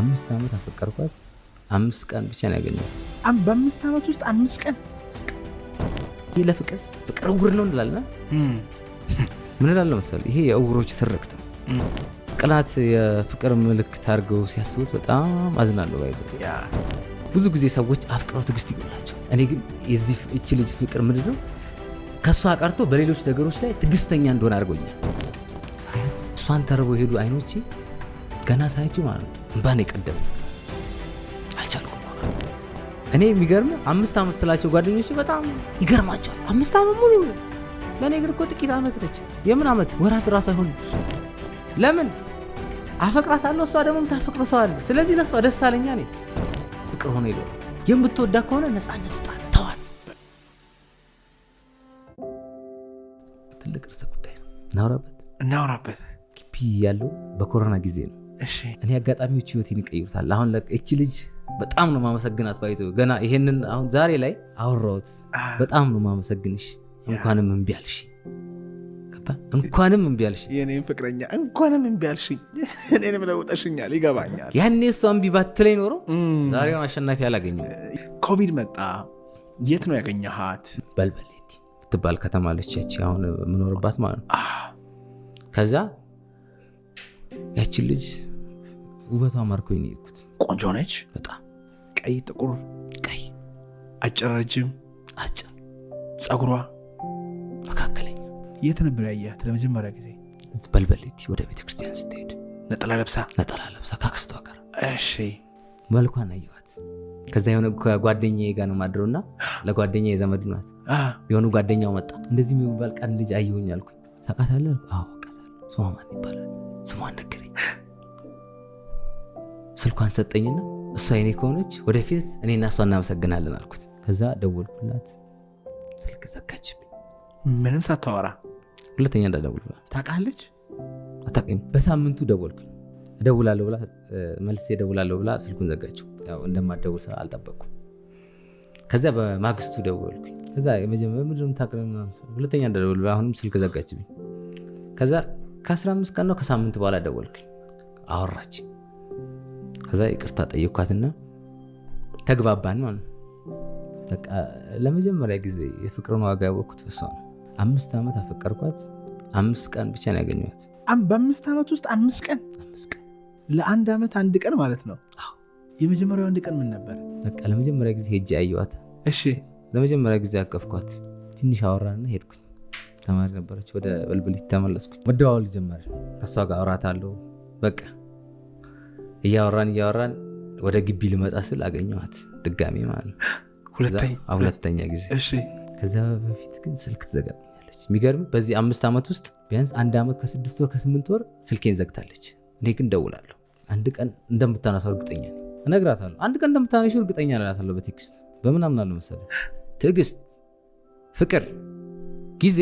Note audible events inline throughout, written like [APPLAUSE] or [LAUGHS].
አምስት ዓመት አፈቀርኳት። አምስት ቀን ብቻ ነው ያገኘት በአምስት ዓመት ውስጥ አምስት ቀን ይህ ለፍቅር ፍቅር እውር ነው እንላልና ምን እላለሁ መሰል ይሄ የእውሮች ትርክት ቅላት የፍቅር ምልክት አድርገው ሲያስቡት በጣም አዝናለሁ። ባይዘ ብዙ ጊዜ ሰዎች አፍቅረው ትግስት ይገላቸው እኔ ግን የዚህ እች ልጅ ፍቅር ምንድን ነው ከእሷ ቀርቶ በሌሎች ነገሮች ላይ ትግስተኛ እንደሆነ አድርጎኛል። እሷን ተርበው የሄዱ አይኖቼ ገና ሳያቸው ማለት ነው እንባን የቀደሙ አልቻልኩ። እኔ የሚገርም አምስት ዓመት ስላቸው ጓደኞች በጣም ይገርማቸዋል። አምስት ዓመት ሙሉ ለእኔ እግር እኮ ጥቂት ዓመት ነች። የምን ዓመት ወራት ራሱ አይሆንም። ለምን አለው። እሷ ደግሞ የምታፈቅረው ሰው አለ። ስለዚህ ለእሷ ደስ አለኛ። ኔ ፍቅር ሆነ ይለ የምትወዳ ከሆነ ነፃነት ስጣት፣ ተዋት። ትልቅ ጉዳይ ነው። እናውራበት እናውራበት። ግቢ ያለው በኮሮና ጊዜ ነው እኔ አጋጣሚዎች ህይወቴን ይቀይሩታል። አሁን እቺ ልጅ በጣም ነው ማመሰግናት። ባይዘ ገና ይሄንን አሁን ዛሬ ላይ አወራሁት። በጣም ነው ማመሰግንሽ። እንኳንም እምቢ አልሽኝ፣ እንኳንም እምቢ አልሽኝ፣ የኔም ፍቅረኛ እንኳንም እምቢ አልሽኝ። እኔንም ለውጠሽኛል። ይገባኛል። ያኔ እሷ እምቢ ባትለኝ ኖሮ ዛሬውን አሸናፊ አላገኘሁም። ኮቪድ መጣ። የት ነው ያገኘሃት? በልበሌት ትባል ከተማለች አለች፣ ያቺ አሁን የምኖርባት ማለት ነው። ከዛ ያችን ልጅ ውበቷ ማርኮኝ ነው የሄድኩት። ቆንጆ ነች በጣም ቀይ፣ ጥቁር ቀይ፣ አጭር፣ ረጅም፣ አጭር ፀጉሯ መካከለኛ። የት ነበር ያያት ለመጀመሪያ ጊዜ? በልበሌቲ ወደ ቤተ ክርስቲያን ስትሄድ ነጠላ ለብሳ ነጠላ ለብሳ ካክስቷ ጋር። እሺ መልኳን አየኋት። ከዛ የሆነ ከጓደኛ ጋር ነው ማድረው እና ለጓደኛ የዘመድ ናት የሆኑ ጓደኛው መጣ። እንደዚህ የሚባል ቀን ልጅ አየሁኝ አልኩኝ። ታቃታለ አዎ አውቃታለሁ። ስሟ ይባላል? ስሟን ነገረኝ። ስልኳን ሰጠኝና እሷ የኔ ከሆነች ወደፊት እኔና እሷ እናመሰግናለን አልኩት። ከዛ ደወልኩላት፣ ስልክ ዘጋችብኝ። ምንም ሳታወራ ሁለተኛ እንዳደውልላት ታቃለች አታውቅም። በሳምንቱ ደወልኩኝ፣ እደውላለሁ ብላ መልስ የደውላለሁ ብላ ስልኩን ዘጋችው። እንደማደውል ስራ አልጠበቅኩም። ከዚያ በማግስቱ ደወልኩኝ። ከዛ የመጀመሪያ ምድርም ታቅ ሁለተኛ እንዳደውል አሁንም ስልክ ዘጋችብኝ። ከዛ ከ15 ቀን ነው ከሳምንት በኋላ ደወልክኝ። አወራች። ከዛ ይቅርታ ጠየኳትና ተግባባን ማለት ነው። በቃ ለመጀመሪያ ጊዜ የፍቅርን ዋጋ ያወቅኩት ፍሷ ነው። አምስት ዓመት አፈቀርኳት። አምስት ቀን ብቻ ነው ያገኘት በአምስት ዓመት ውስጥ አምስት ቀን ለአንድ ዓመት አንድ ቀን ማለት ነው። የመጀመሪያው አንድ ቀን ምን ነበር? በቃ ለመጀመሪያ ጊዜ ሄጄ አየዋት እሺ፣ ለመጀመሪያ ጊዜ አቀፍኳት። ትንሽ አወራና ሄድኩኝ። ተማሪ ነበረች። ወደ ብልብሊት ተመለስኩ መደዋወል ጀመር። ከሷ ጋር አወራታለሁ። በቃ እያወራን እያወራን ወደ ግቢ ልመጣ ስል አገኘት ድጋሚ ማለት [GASPS] ሁለተኛ ጊዜ። ከዚያ በፊት ግን ስልክ ትዘጋብኛለች። የሚገርም በዚህ አምስት ዓመት ውስጥ ቢያንስ አንድ ዓመት ከስድስት ወር ከስምንት ወር ስልኬን ዘግታለች። እኔ ግን ደውላለሁ። አንድ ቀን እንደምታነሳው እርግጠኛ ነኝ፣ እነግራታለሁ። አንድ ቀን እንደምታነሽ እርግጠኛ እላታለሁ። በቴክስት በምናምን አለ መሰለ ትዕግስት፣ ፍቅር፣ ጊዜ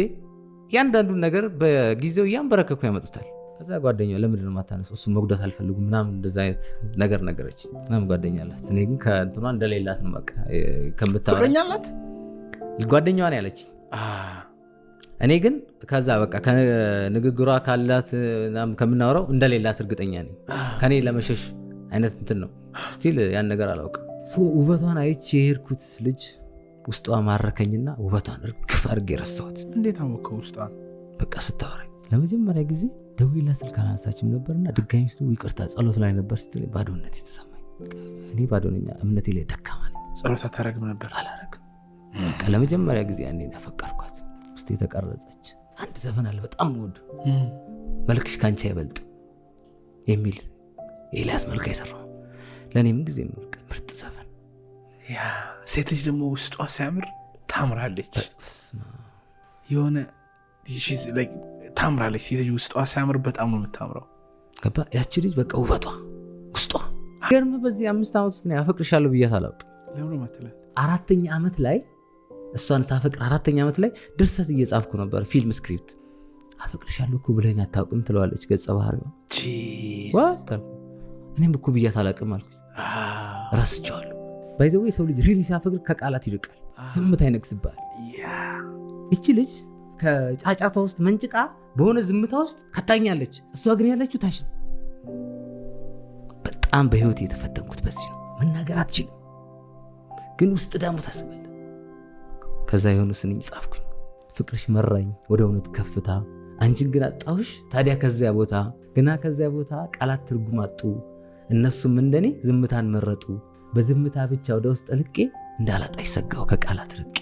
ያንዳንዱን ነገር በጊዜው እያንበረከኩ ያመጡታል። ከዛ ጓደኛ ለምንድን ነው ማታነስ? እሱ መጉዳት አልፈልጉም ምናምን እንደዛ አይነት ነገር ነገረች። ምናምን ጓደኛ አላት። እኔ ግን ከእንትኗ እንደሌላት ነው በቃ ከምታወራ ፍቅረኛ አላት ጓደኛዋ ነው ያለች። እኔ ግን ከዛ በቃ ከንግግሯ ካላት ከምናወራው እንደሌላት እርግጠኛ ነኝ። ከኔ ለመሸሽ አይነት እንትን ነው ስቲል ያን ነገር አላውቅም። ውበቷን አይቼ የሄድኩት ልጅ ውስጧ ማረከኝና ውበቷን እርግፍ አድርጌ ረሳሁት። እንዴት አሞከው ውስጧን በቃ ስታወራኝ ለመጀመሪያ ጊዜ ደዊላ ስልክ አላነሳችም ነበርና ድጋሚ ስ ይቅርታ ጸሎት ላይ ነበር ስትለኝ ባዶነት የተሰማኝ እኔ ባዶነኛ እምነቴ ላይ ደካማ ነኝ። ጸሎት አታረግም ነበር? አላረግም። ለመጀመሪያ ጊዜ ያኔ ያፈቀርኳት ውስጥ የተቀረጸች አንድ ዘፈን አለ በጣም ወዱ መልክሽ ካንቺ አይበልጥ የሚል ኤልያስ መልካ የሰራው ለእኔ ጊዜ ምርጥ ዘፈን ያ ሴት ልጅ ደግሞ ውስጧ ሲያምር ታምራለች። የሆነ ታምራለች ሴት ልጅ ውስጧ ሲያምር በጣም ነው የምታምረው። ገባ ያቺ ልጅ በቃ ውበቷ ውስጧ ገርም። በዚህ አምስት ዓመት ውስጥ ያፈቅርሻለሁ ብያት አላውቅም። አራተኛ ዓመት ላይ እሷን ታፈቅር አራተኛ ዓመት ላይ ድርሰት እየጻፍኩ ነበር፣ ፊልም ስክሪፕት። አፈቅርሻለሁ እኮ ብለኝ አታውቅም ትለዋለች ገጸ ባህሪዋ። እኔም እኮ ብያት አላውቅም አልኩ ረስቼዋለሁ ባይዘዌ የሰው ልጅ ሪሊ ሲያፈቅር ከቃላት ይርቃል፣ ዝምታ ይነግስባል። እቺ ልጅ ከጫጫታ ውስጥ መንጭቃ በሆነ ዝምታ ውስጥ ከታኛለች። እሷ ግን ያለችው ታች ነው። በጣም በህይወት የተፈተንኩት በዚህ ነው። መናገር አትችልም፣ ግን ውስጥ ደግሞ ታስባለህ። ከዛ የሆኑ ስንኝ ጻፍኩ። ፍቅርሽ መራኝ ወደ እውነት ከፍታ፣ አንቺን ግን አጣሁሽ ታዲያ ከዚያ ቦታ። ግና ከዚያ ቦታ ቃላት ትርጉም አጡ፣ እነሱም እንደኔ ዝምታን መረጡ። በዝምታ ብቻ ወደ ውስጥ ልቄ እንዳላጣ ሰጋው ከቃላት ርቄ።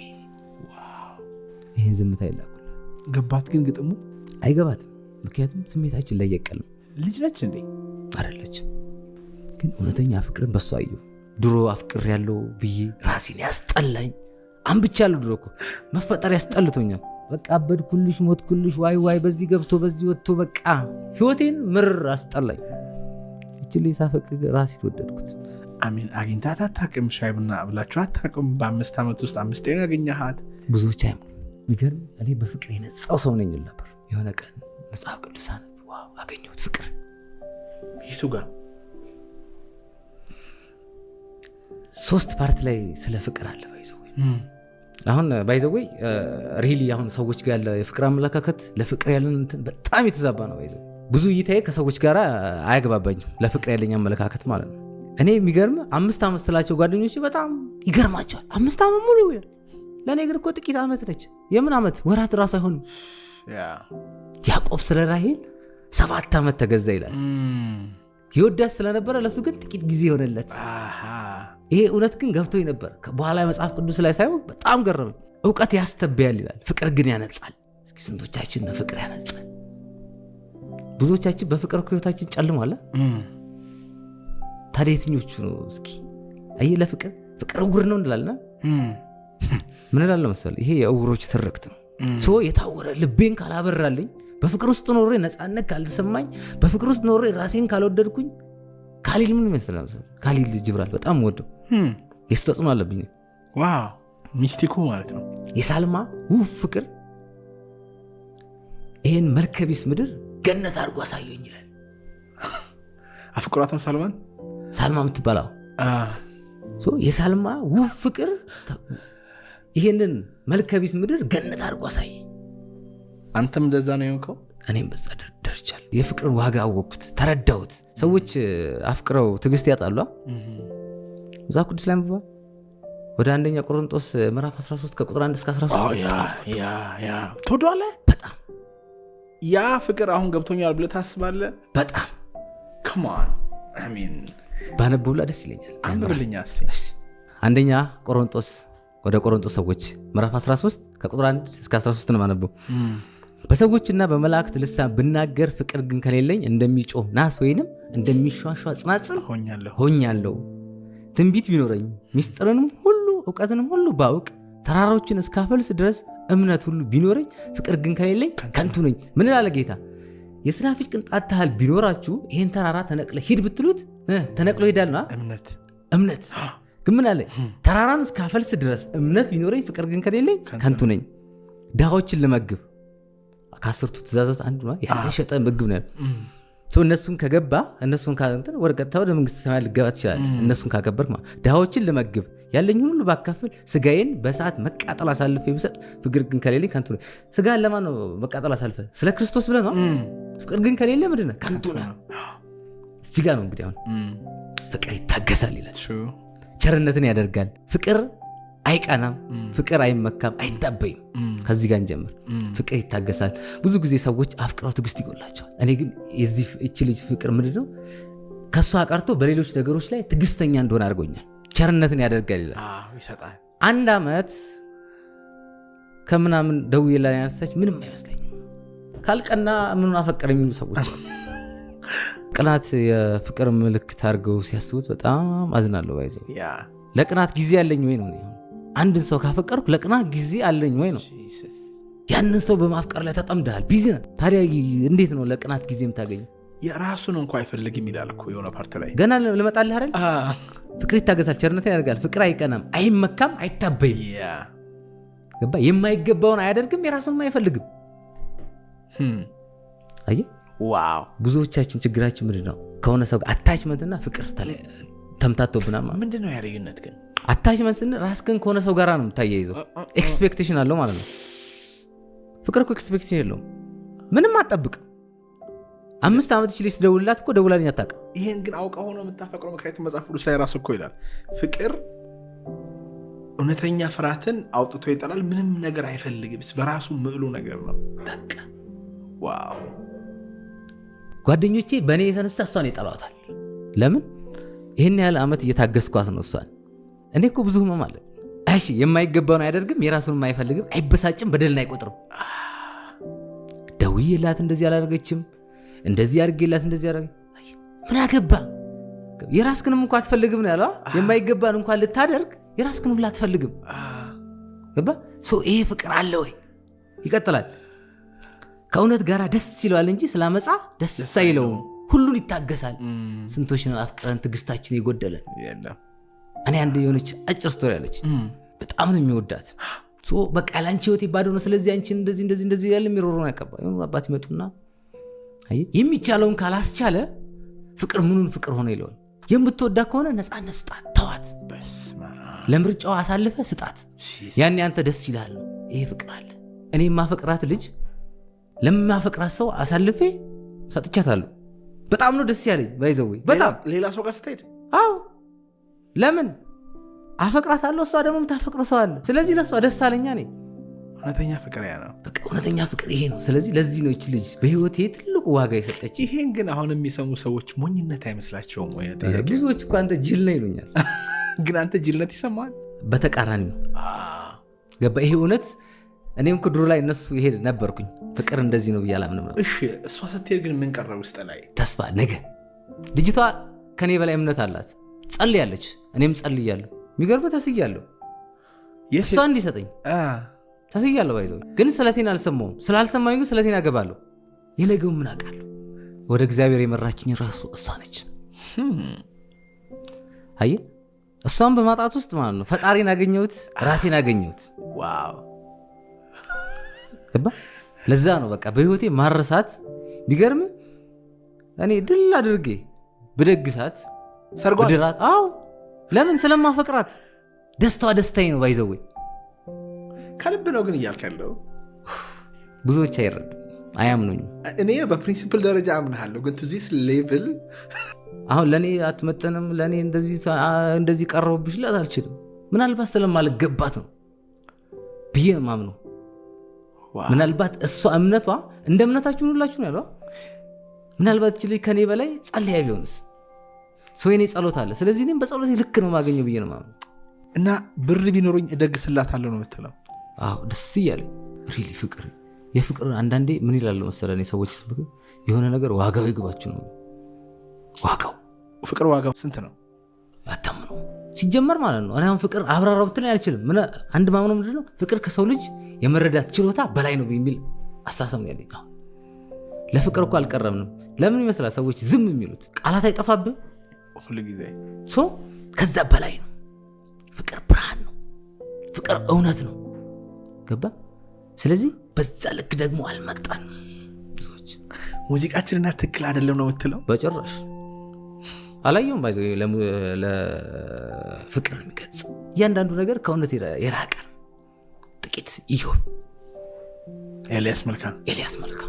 ይህን ዝምታ ይላኩላል። ገባት ግን ግጥሙ አይገባትም። ምክንያቱም ስሜታችን ላይ የቀልም ልጅ ነች እንዴ አደለች። ግን እውነተኛ ፍቅርን በሱ አየሁ። ድሮ አፍቅር ያለው ብዬ ራሴን ያስጠላኝ ያለው ድሮ እኮ መፈጠር ያስጠልቶኛል። በቃ አበድ ኩልሽ ሞት ኩልሽ ዋይ ዋይ፣ በዚህ ገብቶ በዚህ ወጥቶ በቃ ህይወቴን ምር አስጠላኝ። እችል ሳፈቅ ራሴ ተወደድኩት። አሜን። አግኝታት አታቅም ሻይ ቡና ብላችሁ አታቅም። በአምስት ዓመት ውስጥ አምስት ያገኘሃት ብዙዎች አይም ይገርም። እኔ በፍቅር የነጻው ሰው ነኝ ነበር። የሆነ ቀን መጽሐፍ ቅዱሳን አገኘሁት። ፍቅር ይቱ ጋር ሶስት ፓርት ላይ ስለ ፍቅር አለ ባይዘው አሁን ባይዘወይ ሪሊ አሁን ሰዎች ጋር ያለ የፍቅር አመለካከት ለፍቅር ያለን እንትን በጣም የተዛባ ነው። ባይዘው ብዙ እይታዬ ከሰዎች ጋር አያግባባኝም፣ ለፍቅር ያለኝ አመለካከት ማለት ነው። እኔ የሚገርም አምስት ዓመት ስላቸው ጓደኞች በጣም ይገርማቸዋል። አምስት ዓመት ሙሉ ይላል። ለእኔ ግን እኮ ጥቂት ዓመት ነች። የምን ዓመት ወራት እራሱ አይሆንም። ያዕቆብ ስለ ራሄል ሰባት ዓመት ተገዛ ይላል። ይወዳት ስለነበረ ለሱ ግን ጥቂት ጊዜ የሆነለት። ይሄ እውነት ግን ገብቶኝ ነበር። በኋላ መጽሐፍ ቅዱስ ላይ ሳይሆን በጣም ገረመኝ። እውቀት ያስተብያል ይላል፣ ፍቅር ግን ያነጻል። እስኪ ስንቶቻችን ፍቅር ያነጻል? ብዙዎቻችን በፍቅር ህይወታችን ጨልሟል። ታዲያ የትኞቹ ነው? እስኪ አየ ለፍቅር ፍቅር እውር ነው እንላልና ምን ላለ መሰለ ይሄ የእውሮች ትርክት ነው። የታወረ ልቤን ካላበራልኝ፣ በፍቅር ውስጥ ኖሬ ነፃነት ካልተሰማኝ፣ በፍቅር ውስጥ ኖሬ ራሴን ካልወደድኩኝ፣ ካሊል ምን ይመስላል? ካሊል ጅብራል በጣም ወደው የሱ ተጽዕኖ አለብኝ። ሚስቲኩ ማለት ነው። የሳልማ ውብ ፍቅር ይህን መልከቢስ ምድር ገነት አድርጎ አሳየኝ ይላል። አፍቅሯትም ሳልማን ሳልማ የምትባላው የሳልማ ውብ ፍቅር ይህንን መልከቢስ ምድር ገነት አድርጎ አሳይ። አንተም እንደዛ ነው የሆንከው። እኔም በዛ ደርቻል የፍቅርን ዋጋ አወቅኩት፣ ተረዳሁት። ሰዎች አፍቅረው ትግስት ያጣሉ። እዛ ቅዱስ ላይ ምባል ወደ አንደኛ ቆሮንጦስ ምዕራፍ 13 ከቁጥር 1 እስከ 13 በጣም ያ ፍቅር አሁን ገብቶኛል ብለ ታስባለ በጣም ከማን ባነብብላ ደስ ይለኛል። አንብብልኛ አንደኛ ቆሮንጦስ ወደ ቆሮንጦስ ሰዎች ምዕራፍ 13 ከቁጥር 1 እስከ 13 ነው ማነበው። በሰዎችና በመላእክት ልሳን ብናገር ፍቅር ግን ከሌለኝ እንደሚጮህ ናስ ወይንም እንደሚሸዋሸዋ ጽናጽል ሆኛለሁ። ትንቢት ቢኖረኝ ሚስጥርንም ሁሉ እውቀትንም ሁሉ ባውቅ ተራሮችን እስካፈልስ ድረስ እምነት ሁሉ ቢኖረኝ ፍቅር ግን ከሌለኝ ከንቱ ነኝ። ምን ላለ ጌታ የሰናፍጭ ቅንጣት ታህል ቢኖራችሁ ይህን ተራራ ተነቅለ ሂድ ብትሉት ተነቅሎ ይሄዳል። እምነት እምነት ግን ምን አለ ተራራን እስካፈልስ ድረስ እምነት ቢኖረኝ ፍቅር ግን ከሌለኝ ከንቱ ነኝ። ድሃዎችን ልመግብ ከአስርቱ ትእዛዛት አንዱ የሸጠ ምግብ ነ ሰው እነሱን ከገባ እነሱን ወደ ቀጥታ ወደ መንግስተ ሰማያት ልገባ ትችላለ። እነሱን ካከበርክ ድሃዎችን ልመግብ ያለኝ ሁሉ ባካፍል ስጋዬን በሰዓት መቃጠል አሳልፈ ብሰጥ ፍቅር ግን ከሌለ ከንቱ ነኝ። ስጋን ለማ ነው መቃጠል አሳልፈ? ስለ ክርስቶስ ብለ ነው። ፍቅር ግን ከሌለ ምድነ ከንቱ ነህ። እዚህ ጋር ነው እንግዲህ አሁን ፍቅር ይታገሳል ይላል፣ ቸርነትን ያደርጋል። ፍቅር አይቀናም፣ ፍቅር አይመካም፣ አይታበይም። ከዚህ ጋር እንጀምር። ፍቅር ይታገሳል። ብዙ ጊዜ ሰዎች አፍቅረው ትግስት ይጎላቸዋል። እኔ ግን የዚህ እች ልጅ ፍቅር ምንድን ነው ከእሷ ቀርቶ በሌሎች ነገሮች ላይ ትዕግስተኛ እንደሆነ አድርጎኛል። ቸርነትን ያደርጋል ይላል። አንድ ዓመት ከምናምን ደዌ ላይ ያነሳች ምንም አይመስለኝም። ካልቀና ምኑን አፈቀረ የሚሉ ሰዎች ቅናት የፍቅር ምልክት አድርገው ሲያስቡት በጣም አዝናለሁ። ባይዘው ለቅናት ጊዜ አለኝ ወይ ነው። አንድን ሰው ካፈቀርኩ ለቅናት ጊዜ አለኝ ወይ ነው። ያንን ሰው በማፍቀር ላይ ተጠምደሃል፣ ቢዚ ነህ። ታዲያ እንዴት ነው ለቅናት ጊዜ የምታገኘው? የራሱን እንኳ አይፈልግም ይላል እኮ የሆነ ፓርት ላይ ገና ልመጣልህ አይደል። ፍቅር ይታገሳል፣ ቸርነት ያደርጋል። ፍቅር አይቀናም፣ አይመካም፣ አይታበይም። ገባ የማይገባውን አያደርግም፣ የራሱንም አይፈልግም። hmm. አየህ ዋው ብዙዎቻችን ችግራችን ምንድ ነው? ከሆነ ሰው ጋር አታችመንትና ፍቅር ተምታቶብናል። ማለት ምንድን ነው ራስ ግን? አታችመንት ከሆነ ሰው ጋር ነው የምታያይዘው። ኤክስፔክቴሽን አለው ማለት ነው። ፍቅር እኮ ኤክስፔክቴሽን የለውም። ምንም አትጠብቅም። አምስት ዓመት ችል ስደውልላት እኮ ደውላልኝ አታውቅም። ይህን ግን አውቃ ሆኖ የምታፈቅረው ምክንያቱም መጽሐፍ ቅዱስ ላይ ራሱ እኮ ይላል ፍቅር እውነተኛ ፍርሃትን አውጥቶ ይጠላል፣ ምንም ነገር አይፈልግም፣ በራሱ ምዕሉ ነገር ነው። በቃ ዋው ጓደኞቼ በእኔ የተነሳ እሷን ይጠሏታል። ለምን ይህን ያህል ዓመት እየታገስኳት ነው። እሷን እኔ እኮ ብዙ ህመም አለ። እሺ የማይገባውን አያደርግም፣ የራሱን አይፈልግም፣ አይበሳጭም፣ በደልን አይቆጥርም። ደውዬላት እንደዚህ አላደርገችም፣ እንደዚህ አድርጌላት እንደዚህ አደረገ ምን አገባ? የራስክንም እንኳ አትፈልግም ነው ያለ። የማይገባን እንኳን ልታደርግ የራስክንም ላትፈልግም ይሄ ፍቅር አለ ወይ? ይቀጥላል ከእውነት ጋር ደስ ይለዋል እንጂ ስላመፃ ደስ አይለውም። ሁሉን ይታገሳል። ስንቶችን አፍቅረን ትግስታችን የጎደለን። እኔ አንድ የሆነች አጭር ስቶሪ አለች፣ በጣም ነው የሚወዳት በቃ ለአንቺ ህይወት ይባደው ነው። ስለዚህ አንቺን እንደዚህ እንደዚህ እንደዚህ ያለ የሚሮሮን ያቀባ አባት ይመጡና የሚቻለውን ካላስቻለ ፍቅር ምኑን ፍቅር ሆነ ይለዋል። የምትወዳ ከሆነ ነፃነት ስጣት፣ ተዋት፣ ለምርጫው አሳልፈ ስጣት። ያኔ አንተ ደስ ይላል። ይሄ ፍቅር አለ። እኔ የማፈቅራት ልጅ ለማፈቅራት ሰው አሳልፌ ሰጥቻታለሁ። በጣም ነው ደስ ያለኝ። ባይዘወ በጣም ሌላ ሰው ጋር ስትሄድ፣ አዎ ለምን አፈቅራታለሁ፣ እሷ ደግሞ የምታፈቅረው ሰው አለ። ስለዚህ ለእሷ ደስ አለኛ። እኔ እውነተኛ ፍቅር ያ ነው፣ በቃ እውነተኛ ፍቅር ይሄ ነው። ስለዚህ ለዚህ ነው ይች ልጅ በህይወቴ ትልቁ ዋጋ የሰጠች። ይሄን ግን አሁን የሚሰሙ ሰዎች ሞኝነት አይመስላቸውም ወይ? ብዙዎች እኮ አንተ ጅል ነህ ይሉኛል። [LAUGHS] ግን አንተ ጅልነት ይሰማል። በተቃራኒ ነው ገባ ይሄ እውነት እኔም ድሮ ላይ እነሱ ይሄድ ነበርኩኝ። ፍቅር እንደዚህ ነው ብያላ ምንም ነው። እሺ እሷ ስትሄድ ግን ምን ቀረ ውስጥ ላይ ተስፋ ነገ ልጅቷ ከኔ በላይ እምነት አላት። ጸልያለች፣ እኔም ጸልያለሁ። የሚገርም ተስያለሁ፣ እሷ እንዲሰጠኝ ተስያለሁ። ባይዘው ግን ስለቴን አልሰማውም። ስላልሰማኝ ግን ስለቴን አገባለሁ። የነገው ምን አውቃለሁ? ወደ እግዚአብሔር የመራችኝ ራሱ እሷ ነች። አየህ፣ እሷን በማጣት ውስጥ ማለት ነው ፈጣሪን አገኘሁት፣ ራሴን አገኘሁት። ዋው ገባ። ለዛ ነው በቃ በህይወቴ ማረሳት ቢገርም እኔ ድል አድርጌ ብደግሳት ሰርጓድራት። አዎ ለምን ስለማፈቅራት፣ ደስታዋ ደስታዬ ነው። ባይዘዌ ከልብ ነው ግን እያልክ ያለው ብዙዎች አይረዱ አያምኑኝም። እኔ በፕሪንሲፕል ደረጃ አምናለሁ፣ ግን ቱዚስ ሌቭል አሁን ለእኔ አትመጠንም፣ ለእኔ እንደዚህ ቀረቡብሽ ላት አልችልም። ምናልባት ስለማልገባት ነው ብዬ ማምነው ምናልባት እሷ እምነቷ እንደ እምነታችሁን ሁላችሁ ያለ ምናልባት ች ልጅ ከኔ በላይ ጸልያ ቢሆንስ ሰው የኔ ጸሎት አለ። ስለዚህ እኔም በጸሎት ልክ ነው ማገኘው ብዬ ነው እና ብር ቢኖረኝ እደግስላታለሁ ነው የምትለው። አዎ ደስ እያለኝ ሪሊ ፍቅር የፍቅር አንዳንዴ ምን ይላሉ መሰለህ ሰዎች ስብክ የሆነ ነገር ዋጋው ይግባችሁ ነው ዋጋው ፍቅር ዋጋው ስንት ነው አታምነው ሲጀመር ማለት ነው። እኔ አሁን ፍቅር አብራራው ብትለኝ አልችልም። አንድ ማምነው ምንድን ፍቅር ከሰው ልጅ የመረዳት ችሎታ በላይ ነው የሚል አስተሳሰብ ነው ያለኝ። ለፍቅር እኮ አልቀረብንም። ለምን ይመስላል ሰዎች ዝም የሚሉት? ቃላት አይጠፋብን ሁልጊዜ። ከዛ በላይ ነው ፍቅር። ብርሃን ነው ፍቅር፣ እውነት ነው። ገባ? ስለዚህ በዛ ልክ ደግሞ አልመጣንም። ሙዚቃችንና ትክክል አይደለም ነው የምትለው? በጭራሽ አላየውም። ለፍቅር የሚገልጽ እያንዳንዱ ነገር ከእውነት የራቀ ጥቂት እዩ። ኤልያስ መልካም ኤልያስ መልካ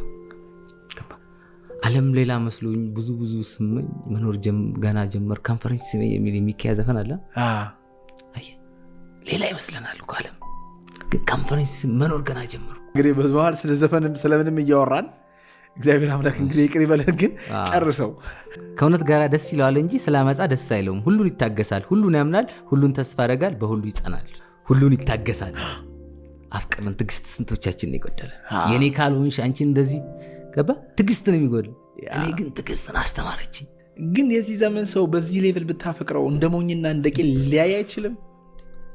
አለም ሌላ መስሎኝ ብዙ ብዙ ስመኝ መኖር ገና ጀመር ኮንፈረንስ ስመኝ የሚል የሚካያ ዘፈን አለ። ሌላ ይመስለናል እኮ ኮንፈረንስ መኖር ገና ጀመሩ እንግዲህ በመሀል ስለ ዘፈን ስለምንም እያወራን እግዚአብሔር አምላክ እንግዲህ ይቅር ይበለን። ግን ጨርሰው ከእውነት ጋር ደስ ይለዋል እንጂ ስላመፃ ደስ አይለውም። ሁሉን ይታገሳል፣ ሁሉን ያምናል፣ ሁሉን ተስፋ ያደርጋል፣ በሁሉ ይጸናል፣ ሁሉን ይታገሳል አፍቅረን ትግስት ስንቶቻችን ይጎደለ የኔ ካልሆንሽ አንቺ እንደዚህ ገባ ትግስት ነው የሚጎድል። እኔ ግን ትግስትን አስተማረች። ግን የዚህ ዘመን ሰው በዚህ ሌቭል ብታፈቅረው እንደ ሞኝና እንደ ቄል ሊያይ አይችልም።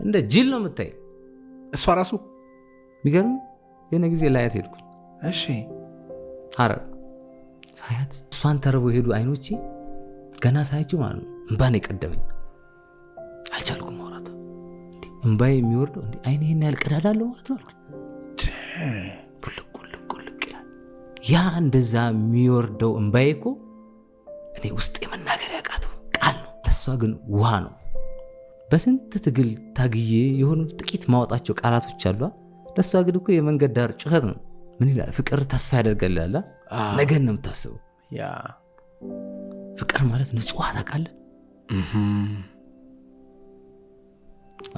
እንደ ጅል ነው የምታይ። እሷ ራሱ የሚገርም የሆነ ጊዜ ላያት ሄድኩ እሺ ሐረር ሳያት እሷን ተርበው ሄዱ አይኖቼ ገና ሳያቸው ማለት ነው እንባን የቀደመኝ አልቻልኩም። እንባ የሚወርደው እንዲ አይን ይህን ያህል ቀዳዳ አለው ማለት ነው። ቡልቁልቁልቅ ይላል። ያ እንደዛ የሚወርደው እንባዬ እኮ እኔ ውስጥ የመናገር ያቃተው ቃል ነው። ለሷ ግን ውሃ ነው። በስንት ትግል ታግዬ የሆኑ ጥቂት ማወጣቸው ቃላቶች አሏ። ለእሷ ግን እኮ የመንገድ ዳር ጩኸት ነው። ምን ይላል ፍቅር ተስፋ ያደርገልላላ ነገን ነው የምታስበው። ፍቅር ማለት ንጹህ ታውቃለህ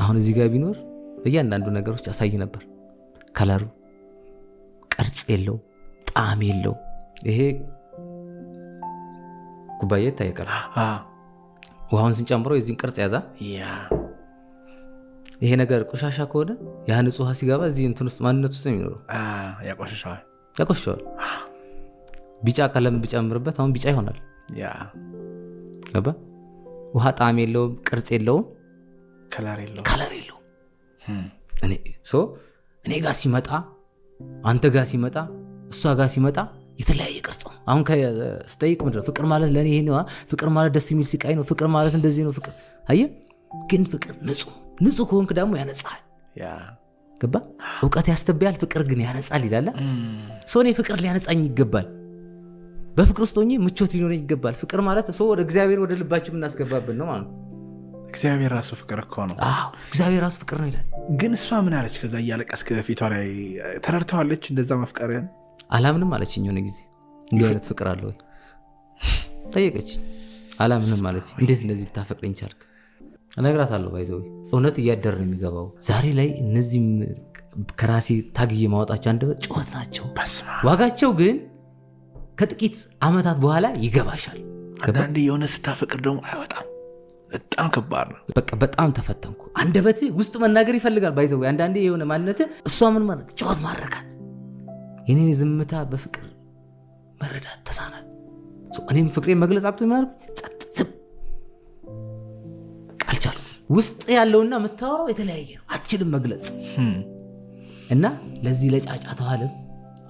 አሁን እዚህ ጋር ቢኖር በእያንዳንዱ ነገሮች ያሳይ ነበር። ከለሩ ቅርጽ የለው፣ ጣዕም የለው። ይሄ ኩባያ ይታየቃል። ውሃውን ስንጨምረው የዚህን ቅርጽ ያዛ። ይሄ ነገር ቆሻሻ ከሆነ ያ ንጹህ ውሃ ሲገባ እዚህ እንትን ውስጥ ማንነት ውስጥ ነው የሚኖረው፣ ያቆሸዋል። ቢጫ ቀለም ብጨምርበት አሁን ቢጫ ይሆናል። ገባ? ውሃ ጣዕም የለውም፣ ቅርጽ የለውም። ከለር የለው hmm. እኔ ጋር ሲመጣ አንተ ጋር ሲመጣ እሷ ጋር ሲመጣ የተለያየ ቅርጽ ነው። አሁን ስጠይቅ ፍቅር ማለት ለእኔ ይሄ ነው፣ ፍቅር ማለት ደስ የሚል ሲቃይ ነው፣ ፍቅር ማለት እንደዚህ ነው። ፍቅር አየ ግን ፍቅር ንጹ ንጹ ከሆንክ ደግሞ ያነጻል ገባ እውቀት ያስተብያል፣ ፍቅር ግን ያነጻል ይላለ ሰው hmm. ፍቅር ሊያነጻኝ ይገባል። በፍቅር ውስጥ ሆኜ ምቾት ሊኖረኝ ይገባል። ፍቅር ማለት ሰው ወደ እግዚአብሔር ወደ ልባችን የምናስገባብን ነው ማለት ነው። እግዚአብሔር ራሱ ፍቅር እኮ ነው። አዎ እግዚአብሔር ራሱ ፍቅር ነው ይላል። ግን እሷ ምን አለች? ከዛ እያለቀስክ ፊቷ ላይ ተረድተዋለች። እንደዛ መፍቀርህን አላምንም አለችኝ። የሆነ ጊዜ እንዲ አይነት ፍቅር አለ ወይ ጠየቀች። አላምንም አለች። እንዴት እንደዚህ ልታፈቅደኝ ቻልክ? ነግራት አለሁ ባይዘው እውነት እያደር ነው የሚገባው። ዛሬ ላይ እነዚህም ከራሴ ታግዬ ማወጣቸው አንድ ጩኸት ናቸው። ዋጋቸው ግን ከጥቂት ዓመታት በኋላ ይገባሻል። አንዳንድ የሆነ ስታፈቅር ደግሞ አይወጣም በጣም ከባድ ነው። በቃ በጣም ተፈተንኩ። አንደበት ውስጡ መናገር ይፈልጋል። ባይዘው አንዳንዴ የሆነ ማንነት እሷ ምን ማድረግ ጨዋት ማድረጋት የኔን ዝምታ በፍቅር መረዳት ተሳናት። እኔም ፍቅሬ መግለጽ አቅቶ የሚያደርግ ጸጥ ዝም ውስጥ ያለውና የምታወራው የተለያየ ነው። አችልም መግለጽ እና ለዚህ ለጫጫታው ዓለም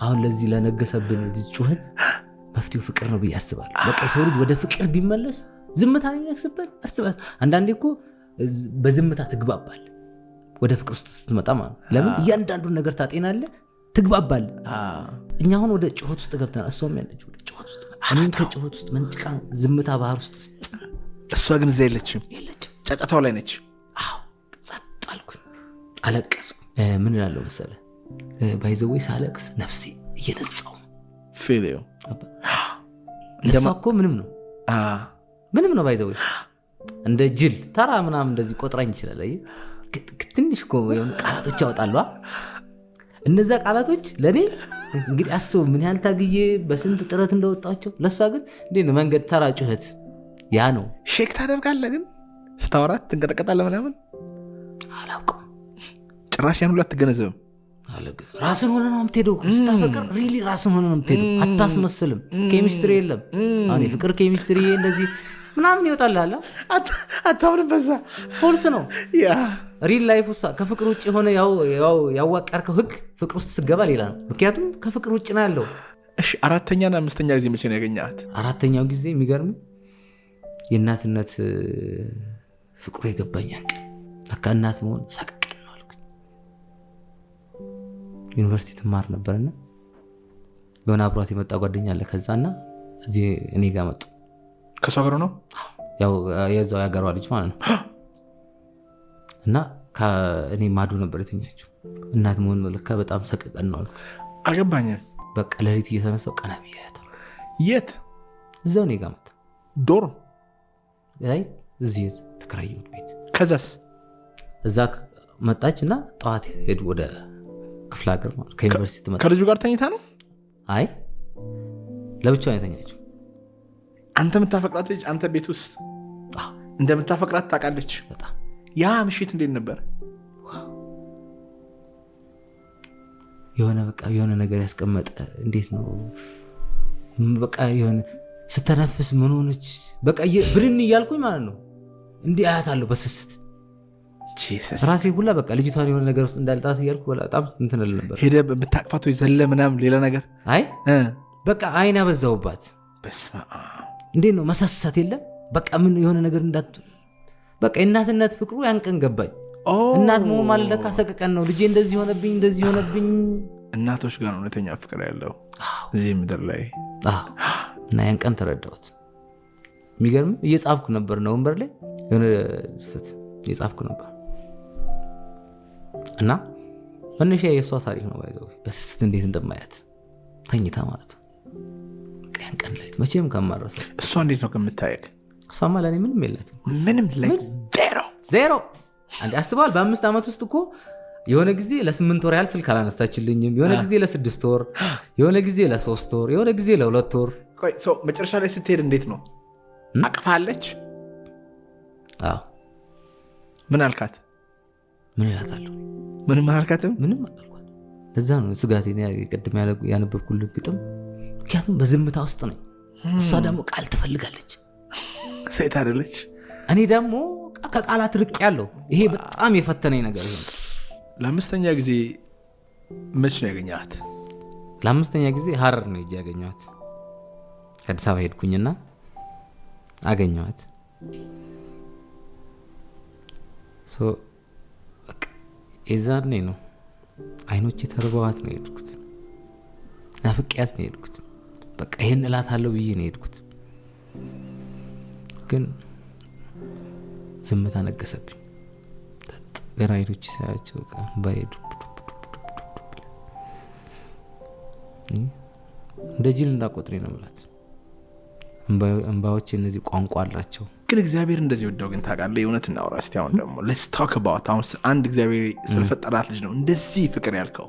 አሁን ለዚህ ለነገሰብን ጩኸት መፍትሄው ፍቅር ነው ብዬ አስባለሁ። በቃ የሰው ልጅ ወደ ፍቅር ቢመለስ ዝምታ የሚነግስበት እርስ በርስ አንዳንዴ እኮ በዝምታ ትግባባል ወደ ፍቅር ውስጥ ስትመጣ ለምን እያንዳንዱን ነገር ታጤናለ፣ ትግባባል። እኛ አሁን ወደ ጩኸት ውስጥ ገብተናል። እሷም ያለች ወደ ጩኸት ውስጥ እኔም ከጩኸት ውስጥ መንጭቃ ዝምታ ባህር ውስጥ እሷ ግን እዛ የለችም፣ የለችም ጫጫታው ላይ ነች። ጸጥ አልኩኝ፣ አለቀስኩ። ምን እላለሁ መሰለ ባይዘወይ ሳለቅስ ነፍሴ እየነጻው ነው። እሷ እኮ ምንም ነው ምንም ነው ባይዘው እንደ ጅል ተራ ምናምን እንደዚህ ቆጥራኝ ይችላል። ትንሽ እኮ የሆኑ ቃላቶች ያወጣሉ። እነዛ ቃላቶች ለእኔ እንግዲህ አስቡ ምን ያህል ታግዬ በስንት ጥረት እንደወጣቸው፣ ለእሷ ግን እንደ መንገድ ተራ ጩኸት ያ ነው። ሼክ ታደርጋለህ ግን ስታወራት ትንቀጠቀጣለህ ምናምን አላውቅም። ጭራሽ ያን ሁሉ አትገነዘብም። ራስን ሆነ ነው የምትሄደው ስታፈቅር፣ ሪሊ ራስን ሆነ ነው የምትሄደው። አታስመስልም። ኬሚስትሪ የለም። አሁን የፍቅር ኬሚስትሪ እንደዚህ ምናምን ይወጣልሃል። አታምንም። በዛ ፎልስ ነው። ሪል ላይፍ ውስጥ ከፍቅር ውጭ የሆነ ያዋቀርከው ህግ ፍቅር ውስጥ ስገባ ሌላ ነው። ምክንያቱም ከፍቅር ውጭ ነው ያለው። እሺ፣ አራተኛና አምስተኛ ጊዜ መቼ ነው ያገኘሃት? አራተኛው ጊዜ የሚገርም የእናትነት ፍቅሩ የገባኝ ቀን በቃ እናት መሆን ሰቀቀን ነው አልኩኝ። ዩኒቨርሲቲ ትማር ነበርና የሆነ አብሯት የመጣ ጓደኛ አለ። ከዛና እዚህ እኔ ጋር መጡ። ከሱ ሀገሩ ነው ያው የዛው የሀገሯ ልጅ ማለት ነው። እና እኔ ማዶ ነበር የተኛችው። እናት መሆን መለካ በጣም ሰቀቀን ነው አገባኝ። በቃ ለሊት እየተነሳው ቀና ብዬ የት? እዛው እኔ ጋ መጣ ዶርም ላይ እዚህ ተከራየሁት ቤት። ከዛስ እዛ መጣች እና ጠዋት ሄዱ ወደ ክፍለ ሀገር ከዩኒቨርሲቲ ከልጁ ጋር ተኝታ ነው። አይ ለብቻ ነው የተኛችው አንተ የምታፈቅራት ልጅ አንተ ቤት ውስጥ እንደምታፈቅራት ታውቃለች። ያ ምሽት እንዴት ነበር? የሆነ በቃ የሆነ ነገር ያስቀመጠ እንዴት ነው በቃ የሆነ ስተነፍስ ምን ሆነች በቃ ብድን እያልኩኝ ማለት ነው እንዲህ አያታለሁ በስስት ራሴ ሁላ በቃ ልጅቷን የሆነ ነገር ውስጥ እንዳልጣት እያልኩ በጣም እንትን ነበር። ሄደ ብታቅፋት ወይ ዘለ ምናምን ሌላ ነገር አይ በቃ አይን ያበዛውባት በስመ አብ እንዴት ነው መሳሳት የለም በቃ ምን የሆነ ነገር እንዳት በቃ የእናትነት ፍቅሩ ያን ቀን ገባኝ። እናት መሆን ማለት ለካ ሰቀቀን ነው። ልጄ እንደዚህ ሆነብኝ እንደዚህ ሆነብኝ። እናቶች ጋር እውነተኛ ፍቅር ያለው እዚህ ምድር ላይ እና ያን ቀን ተረዳሁት። የሚገርም እየጻፍኩ ነበር ነው ወንበር ላይ የሆነ ስት እየጻፍኩ ነበር እና መነሻ የእሷ ታሪክ ነው። ባይዘ በስስት እንዴት እንደማያት ተኝታ ማለት ነው ያን ቀን ሌሊት መቼም ከማረሰ እሷ እንዴት ነው ከምታየቅ? እሷማ ለእኔ ምንም የለትም። ምንም ዜሮ ዜሮ። አስበዋል። በአምስት ዓመት ውስጥ እኮ የሆነ ጊዜ ለስምንት ወር ያህል ስልክ አላነሳችልኝም። የሆነ ጊዜ ለስድስት ወር፣ የሆነ ጊዜ ለሶስት ወር፣ የሆነ ጊዜ ለሁለት ወር። መጨረሻ ላይ ስትሄድ እንዴት ነው አቅፋለች? ምን አልካት? ምን እላታለሁ? ምንም አልካትም ምንም አላልኳት። ለዛ ነው ስጋቴ ቅድም ያነበብኩልን ግጥም ምክንያቱም በዝምታ ውስጥ ነኝ። እሷ ደግሞ ቃል ትፈልጋለች። ሴት አደለች። እኔ ደግሞ ከቃላት ርቅ ያለው ይሄ በጣም የፈተነኝ ነገር ለአምስተኛ ጊዜ መች ነው ያገኘት? ለአምስተኛ ጊዜ ሀረር ነው ሄጄ ያገኘኋት። ከአዲስ አበባ ሄድኩኝና አገኘኋት። የዛኔ ነው አይኖቼ ተርበዋት ነው የሄድኩት። ናፍቄያት ነው የሄድኩት። በቃ ይሄን እላታለሁ ብዬ ነው የሄድኩት። ግን ዝምታ ነገሰብኝ። ገና አይኖች ሳያቸው ባሄዱ እንደ ጅል እንዳቆጥሬ ነው ምላት። እንባዎች እነዚህ ቋንቋ አላቸው። ግን እግዚአብሔር እንደዚህ ወደው ግን ታቃለ የእውነት እናውራ ስቲ አሁን ደግሞ ለስታክ ባት አሁን አንድ እግዚአብሔር ስለፈጠራት ልጅ ነው እንደዚህ ፍቅር ያልከው።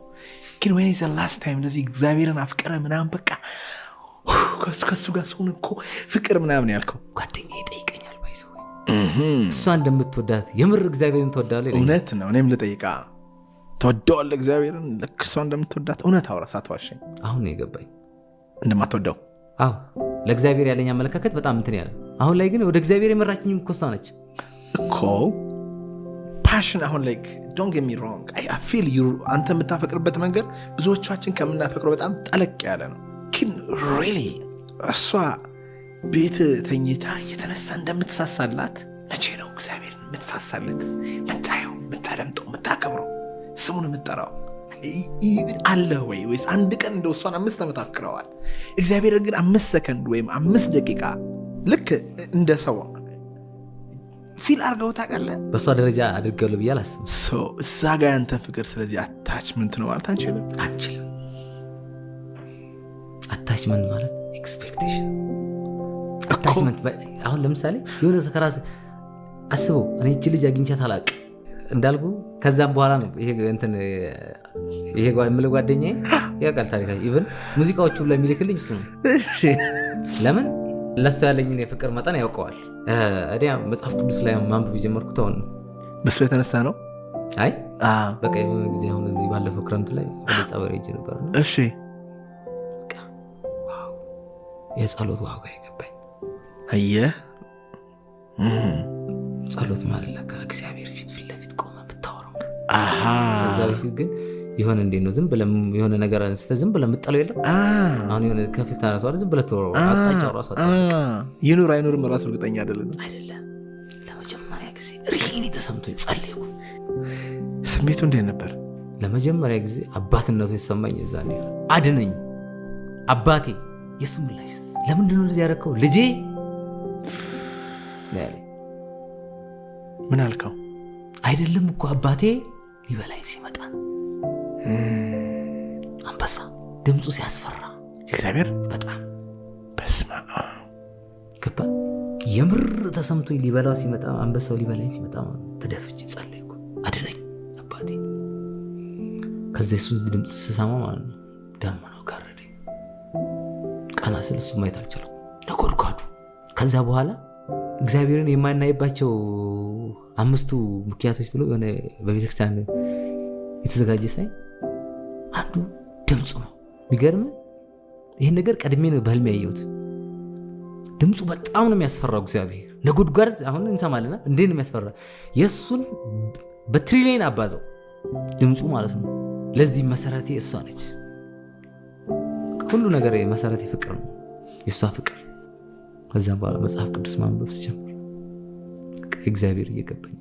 ግን ወይኔ ዘ ላስት ታይም እንደዚህ እግዚአብሔርን አፍቀረ ምናምን በቃ ከሱ ጋር ሰውን እኮ ፍቅር ምናምን ያልከው ጓደኛ ይጠይቀኛል። ባይሰው እሷ እንደምትወዳት የምር እግዚአብሔርን ትወዳለህ? እውነት ነው። እኔም ልጠይቃ ተወደዋለህ እግዚአብሔርን ልክ እሷ እንደምትወዳት እውነት አውራ ሳትዋሸኝ። አሁን ነው የገባኝ እንደማትወደው። አዎ ለእግዚአብሔር ያለኝ አመለካከት በጣም እንትን ያለ። አሁን ላይ ግን ወደ እግዚአብሔር የመራችኝ እኮ እሷ ነች እኮ ፓሽን። አሁን ላይ ዶንት ጌት ሚ ሮንግ አይ ፊል ዩ አንተ የምታፈቅርበት መንገድ ብዙዎቻችን ከምናፈቅረው በጣም ጠለቅ ያለ ነው ግን ሪሊ እሷ ቤት ተኝታ እየተነሳ እንደምትሳሳላት መቼ ነው እግዚአብሔር የምትሳሳለት ምታየው፣ ምታደምጠው፣ ምታከብረው፣ ስሙን የምትጠራው አለ ወይ? ወይስ አንድ ቀን እንደ እሷን አምስት ዓመት አክረዋል። እግዚአብሔር ግን አምስት ሰከንድ ወይም አምስት ደቂቃ ልክ እንደ ሰው ፊል አድርገው ታውቃለህ? በእሷ ደረጃ አድርገው ልብያ አስብ እዛ ጋ ያንተን ፍቅር ስለዚህ አታችመንት ነው ማለት አንችልም አንችልም አታችመንት ማለት ኤክስፔክቴሽን አታችመንት። አሁን ለምሳሌ የሆነ ሰው ከራስህ አስበው፣ እኔ እች ልጅ አግኝቻት አላቅ እንዳልኩ ከዛም በኋላ ነው ይሄ የምለው ጓደኛዬ ያውቃል ታሪካ ኢቨን ሙዚቃዎቹ ለሚልክልኝ እሱ ነው። ለምን ለሱ ያለኝን የፍቅር መጠን ያውቀዋል። እኔ መጽሐፍ ቅዱስ ላይ ማንበብ የጀመርኩት አሁን ነው። በሱ የተነሳ ነው። አይ በቃ የሆነ ጊዜ አሁን እዚህ ባለፈው ክረምት ላይ ወደ ጸበል ነበር። እሺ የጸሎት ዋጋ ይገባኝ አየ ጸሎት ማለት ለካ እግዚአብሔር ፊት ፊትለፊት ቆመ ብታወራው። ከዛ በፊት ግን የሆነ እንዴት ነው ዝም ብለህ የሆነ ነገር አንስተ ዝም ብለህ የምትጠለው የለም። አሁን የሆነ ከፊት ታነሳዋል፣ ዝም ብለህ ትወረው። አቅጣጫው ራሱ ይኑር አይኑርም ራሱ እርግጠኛ አይደለም አይደለም። ለመጀመሪያ ጊዜ ሪሄን የተሰምቶ ጸለይኩ። ስሜቱ እንዴት ነበር? ለመጀመሪያ ጊዜ አባትነቱ የተሰማኝ የዛኔ አድነኝ አባቴ የሱ ምላሽ ለምንድን ነው እንደዚህ ያደረከው ልጄ? ምን አልከው? አይደለም እኮ አባቴ ሊበላኝ ሲመጣ አንበሳ ድምፁ ሲያስፈራ እግዚአብሔር በጣም በስማ ገባ የምር ተሰምቶ ሊበላው ሲመጣ አንበሳው ሊበላኝ ሲመጣ ተደፍቼ ጸለይኩ። አድነኝ አባቴ። ከዚ ሱ ድምፅ ስሰማ ማለት ነው ደመና ቀና ስል እሱ ማየት አልቻልኩም። ነጎድጓዱ። ከዛ በኋላ እግዚአብሔርን የማናይባቸው አምስቱ ምክንያቶች ብሎ የሆነ በቤተክርስቲያን የተዘጋጀ ሳይ አንዱ ድምፁ ነው። የሚገርም ይህን ነገር ቀድሜ ነው በህልሜ ያየሁት። ድምፁ በጣም ነው የሚያስፈራው። እግዚአብሔር ነጎድጓድ አሁን እንሰማለና እንዴ ነው የሚያስፈራ የእሱን በትሪሊየን አባዘው ድምፁ ማለት ነው። ለዚህ መሰረቴ እሷ ነች። ሁሉ ነገር መሰረት ፍቅር ነው፣ የእሷ ፍቅር። ከዚያም በኋላ መጽሐፍ ቅዱስ ማንበብ ሲጀምር እግዚአብሔር እየገባኝ